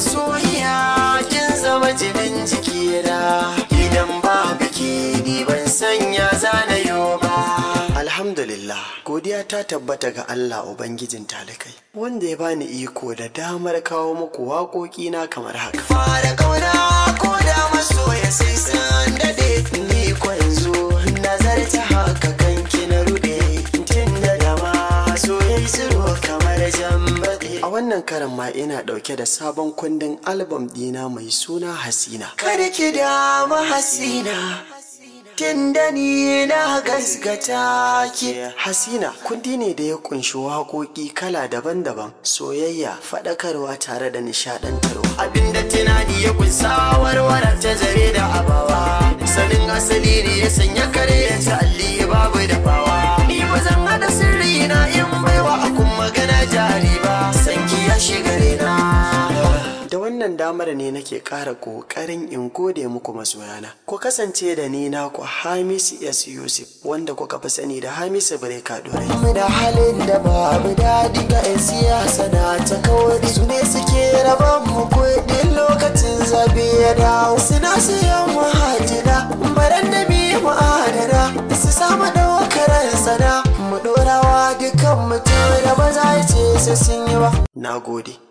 masoyiya kin zama jinin jikina idan ba biki ni ban sanya zanayo ba alhamdulillah godiya ta tabbata ga Allah ubangijin talikai wanda ya bani iko da damar kawo muku waƙoƙi na kamar haka fara kauna ko da masoya A wannan karan ma ina ɗauke da sabon kundin albam ɗina mai suna Hasina. Kada ki dama Hasina. Tunda ni na gasgata ki. Hasina kundi ne da ya kunshi waƙoƙi kala daban-daban, soyayya, faɗakarwa tare da nishaɗantarwa. Abinda tunani ya kunsa warware ta zare da abawa, sanin asali ne ya sanya wannan damar ne nake ƙara ƙoƙarin in gode muku masoyana. Ku kasance da ni ku Hamisu S. Yusuf wanda kuka fi sani da Hamisu Breka Dore. Mu da halin da babu daɗi ga 'yan siyasa na ta kawai su ne suke raban mu kuɗin lokacin zabe ya dawo. Suna siyan mu baran da biyu mu adana, su samu ɗaukar sana. Mu ɗorawa dukkan mutum da ba za ce sai sun yi ba. Na gode.